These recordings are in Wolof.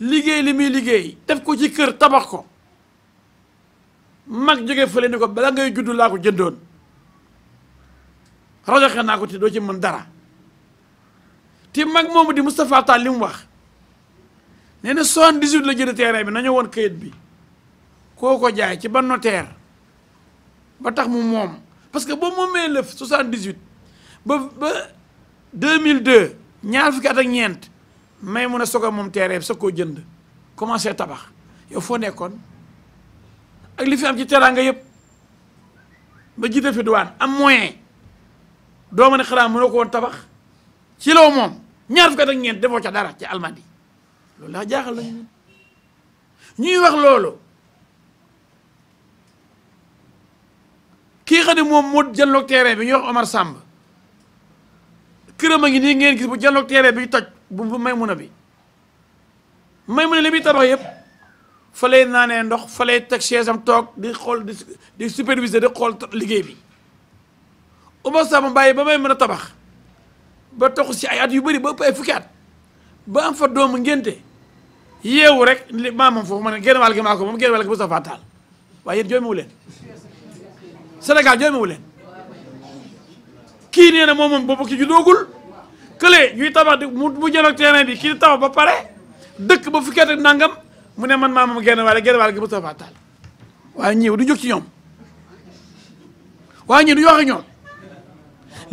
liggéey li muy liggéey def ko ci kër tabax ko mag jóge fële ni ko bala ngay juddu laa ko jëndoon rajoxe naa ko te doo ci mën dara te mag moomu di Moustapha Tall li mu wax nee na soixante-dix-huit la jënd terrain bi na ñëw woon kayit bi koo ko jaay ci ban notaire ba tax mu moom parce que boo moomee lëf soixante-dix-huit ba ba deux mille deux ñaar fukki at ak ñeent may mu na soga mom téré sa ko jënd commencé tabax yow fo nekkoon ak li fi am ci teraanga yëpp ba jiite fi duwaan am moyen do mëna ne mëna ko won tabax ci law mom ñaar fukat ak ñeent defo ca dara ci almadi lolu la jaaxal lañu ñuy wax lolu ki xam mom mo moo jënloog bi ñu wax Omar Samb kërëm ngi ngeen gis bu jënloog téré bi toj bu bu maymuna bi maymuna li muy tabax yëpp fa lay naanee ndox fa lay teg chaise am toog di xool di di superviser xool liggéey bi Umar Samba bàyyi ba may a tabax ba toxu si ay at yu bari ba ëpp ay fukki at ba am fa doomu ngénte yeewu rek li maamam foofu ma ne génn gi maa ko moom génn wàll gi Moustapha Tall waaye yéen jooy ma wu leen Sénégal jooy ma kii nee na moom moom boobu ki ju doogul kële ñuy tabax di mu mu jëloog terrain bi kii di ba pare dëkk ba fukki at nangam mu ne man maa moom genn waale genn waale gi Moustapha Tall waaye ñiiw du jóg ci ñoom waaye ñii du yoxe ñoom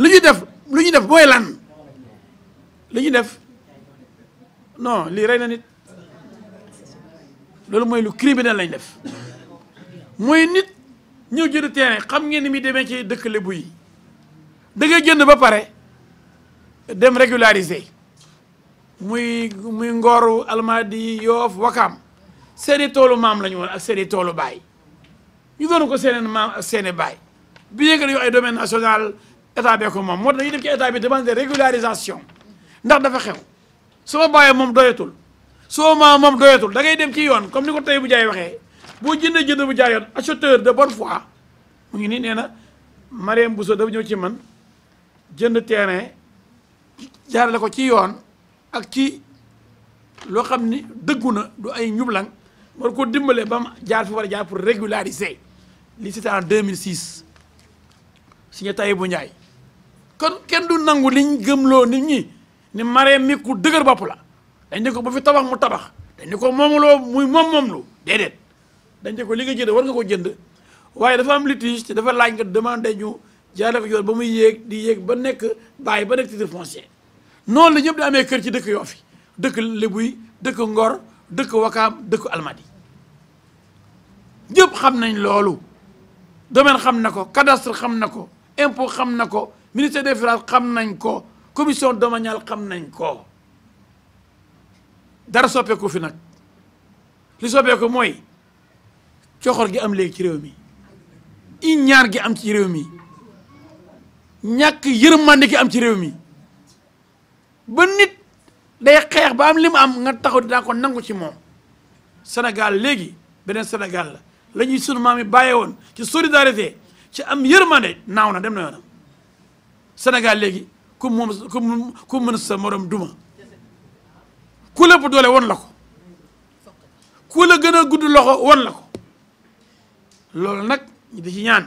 lu ñu def lu ñu def mooy lan li ñu def non lii rey na nit loolu mooy lu criminel lañ def mooy nit ñëw jënd terrain xam ngeen ni muy demee ci dëkk Lebu yi da ngay jënd ba pare dem régulariser muy muy ngooru almaadi yoof wakaam seeni toolu maam la ñu woon ak seeni toolu baay ñu doon ko seeneen maam ak seeni baay bi yëg nañu ay domaine national état bee ko moom moo tax dañuy def bi demande de régularisation ndax dafa xew soo bàyyee moom doyatul soo maa moom doyatul da ngay dem ci yoon comme ni ko tey bu jaay waxee boo jëndee jënd bu jaay yoon acheteur de bonne foi mu ngi nii nee na Mariam Bousso dafa ñëw ci man jënd terrain jaarale ko ci yoon ak ci loo xam ni dëggu na du ay ñublang war ko dimbalee ba mu jaar fi war a jaar pour régulariser li c'était en 2006 signé Tahibou Ndiaye kon kenn du nangu liñ gëmloo nit ñi ni maree mi ku dëgër bopp la dañ ne ko ba fi tabax mu tabax dañ ne ko moomuloo muy moom moom lu déedéet dañ ne ko li nga jënd war nga ko jënd waaye dafa am litige te dafa laaj nga demandé ñu jaaree ko yoon ba muy yéeg di yéeg ba nekk bàyyi ba nekk titre foncier noonu la ñëpp di amee kër ci dëkk yoofi dëkk Libuy dëkk Ngor dëkk Wakaam dëkk Almadi ñëpp xam nañ loolu domaine xam na ko cadastre xam na ko impo xam na ko ministère des finances xam nañ ko commission domaniale xam nañ ko dara soppeeku fi nag li soppeeku mooy coxor gi am léegi ci réew mi iññaar gi am ci réew mi ñàkk yërmande ki am ci réew mi ba nit day xeex ba am li mu am nga taxaw dinaa ko nangu ci moom Sénégal léegi beneen Sénégal la la ñuy sunu maam yi bàyyee woon ci solidarité ci am yërmande naaw na dem na yoonam Sénégal léegi ku moom ku mën sa moroom duma ku lépp doole woon la ko ku la gën a gudd loxo won la ko loolu nag ñu di ci ñaan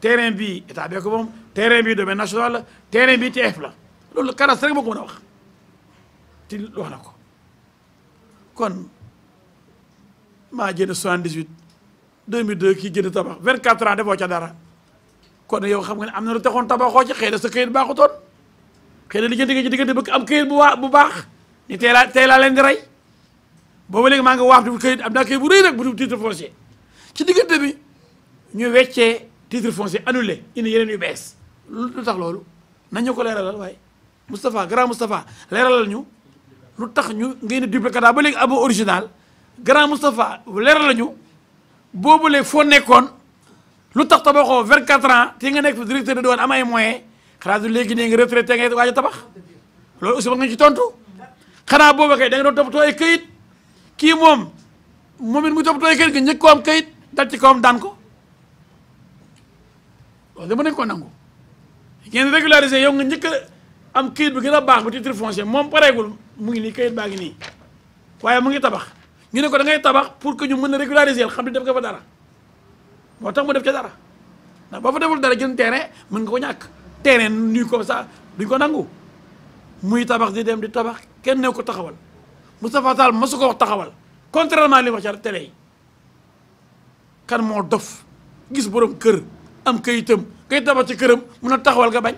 terrain bi état bee ko moom terrain bi domaine national la terrain bi TF la loolu karas rek moo ko mën wax ti wax na ko kon maa jënd 78 2002 kii jënd tabax 24 ans defoo ca dara kon yow xam nga am na lu taxoon tabaxoo ci xëy na sa këyit baaxutoon xëy na li jënd nga ci diggante bëgg am këyit bu waa bu baax ni tey laa tey laa leen di rey booba maa ngi waaf di këyit am naa këyit bu rëy nag bu titre foncier ci diggante bi ñu titre foncier annulé indi yeneen yu bees lu tax loolu nañu ko leeralal waaye Moustapha grand Moustapha leeralal ñu lu tax ñu ngeen di duplicata ba léegi abo original grand Moustapha leeralal ñu boobu léegi foo nekkoon lu tax tabaxoo 24 ans te nga nekk directeur de douane am ay moyens xanaa du ne nga retraité ngay waaj a tabax loolu aussi ba nga ci tontu xanaa booba kay da nga doon toppatoo kayit kii moom moom it mu toppatoo ay kayit nga njëkk ko am kayit dal ci kawam ko. loolu dama nañ ko nangu ngeen régularisé yow nga njëkk am kayit bi gën a baax bu titre foncier moom pareegul mu ngi nii kayit baa ngi nii waaye mu ngi tabax ñu ne ko da ngay tabax pour que ñu mën na a régulariser xam ne def ko fa dara moo tax mu def ca dara ba boo fa deful dara jën terrain mën nga ko ñàkk terrain nuyu ko sa duñ ko nangu muy tabax di dem di tabax kenn ne ko taxawal Moustapha Tall masu ko wax taxawal contrairement li wax ca télé yi kan moo dof gis borom kër am kayitam kayit daba ci këram mu a taxawal nga bañ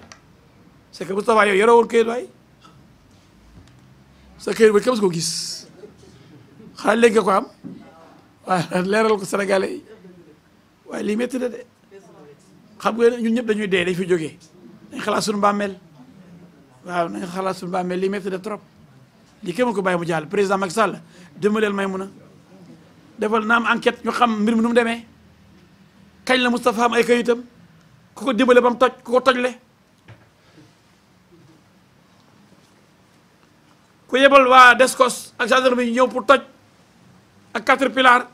c'est que Moustapha yow yore woon kayit waay sa kayit ba képp ko gis xanaa léegi ko am waaye leeral ko Sénégalais yi waaye lii métti na de xam nga ñun ñëpp dañuy dee dañ fi jógee dañ xalaat suñu bàmmeel waaw nañ xalaat suñu bàmmeel lii métti na trop lii kenn ko bay mu jàll président Macky Sall dimbaleel may mun a defal na am enquête ñu xam mbir mi nu mu demee kañ la Moustapha am ay kayitam ku ko dimbale ba mu toj ku ko tojle ku yebal waa Descos ak gendarme yi ñëw pour toj ak quatre pilar